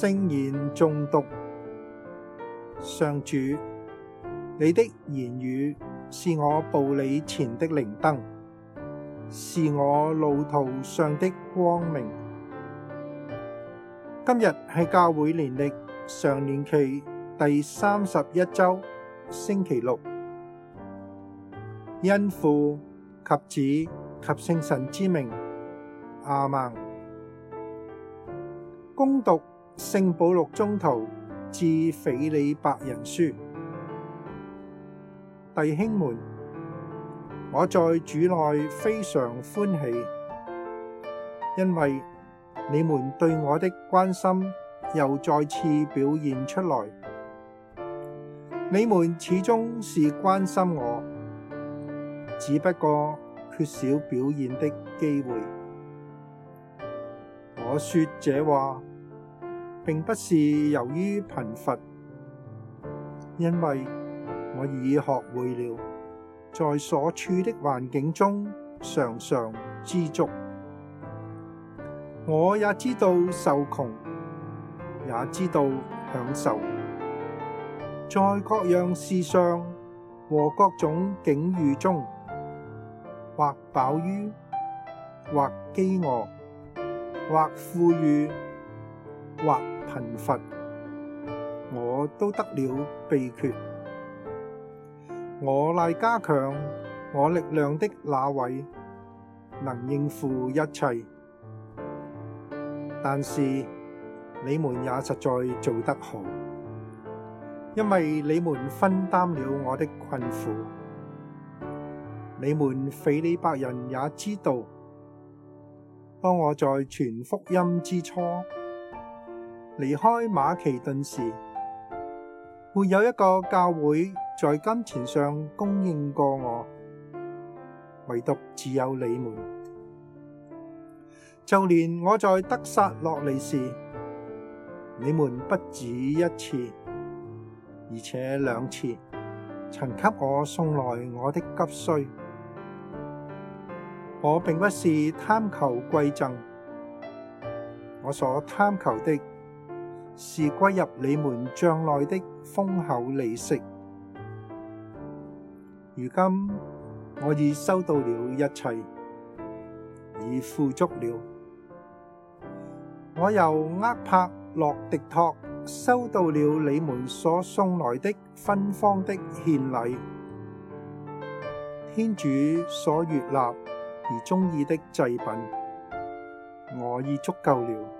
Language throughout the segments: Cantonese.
聖言誦讀，上主，你的言語是我步履前的靈燈，是我路途上的光明。今日係教會年曆常年期第三十一周星期六，因父及子及聖神之名，阿們。恭讀。聖保禄宗徒致斐理伯人書，弟兄們，我在主內非常歡喜，因為你們對我的關心又再次表現出來。你們始終是關心我，只不過缺少表現的機會。我說這話，並不是由於貧乏，因為我已學會了，在所處的環境中常常知足。我也知道受窮，也知道享受，在各樣事上和各種境遇中，或飽飫，或飢餓，或富裕，或……貧乏，我都得了祕訣。我賴加強我力量的那位，能應付一切。但是你們也實在做得好，因為你們分擔了我的困苦。你們斐理伯人也知道，當我在傳福音之初。離開馬其頓時，沒有一個教會在金錢上供應過我，唯獨只有你們。就連我在得撒洛尼時，你們不只一次，而且兩次，曾給我送來我的急需。我並不是貪求饋贈，我所貪求的。是歸入你們帳內的豐厚利息。如今我已收到了一切，已富足了。我由厄帕洛狄托，收到了你們所送來的芬芳的獻禮，天主所悅納而中意的祭品，我已足夠了。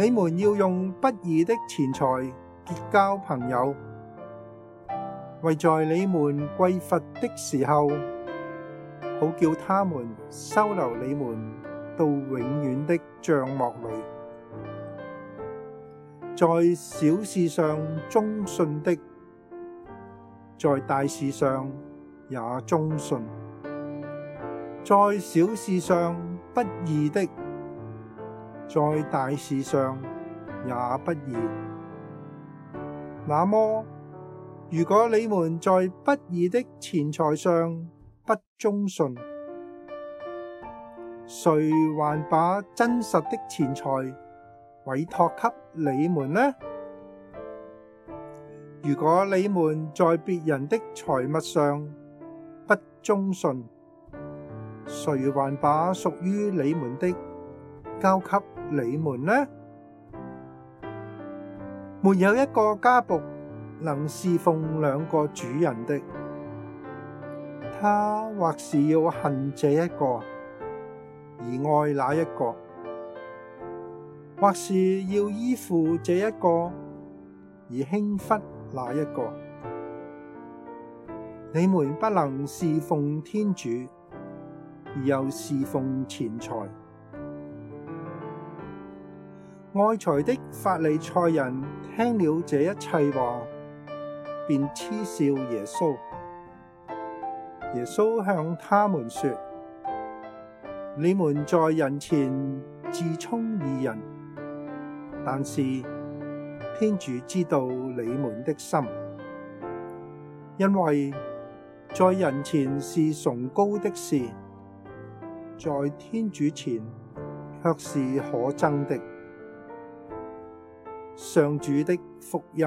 你們要用不義的錢財結交朋友，為在你們匱乏的時候，好叫他們收留你們到永遠的帳幕裏。在小事上忠信的，在大事上也忠信。在小事上不義的。在大事上也不義。那麼，如果你們在不義的錢財上不忠信，誰還把真實的錢財委託給你們呢？如果你們在別人的財物上不忠信，誰還把屬於你們的交給你們呢？沒有一個家僕能事奉兩個主人的，他或是要恨這一個而愛那一個，或是要依附這一個而輕忽那一個。你們不能事奉天主而又事奉錢財。愛財的法利賽人聽了這一切話，便嗤笑耶穌。耶穌向他們說：你們在人前自充義人，但是天主知道你們的心，因為在人前是崇高的事，在天主前卻是可憎的。上主的福音。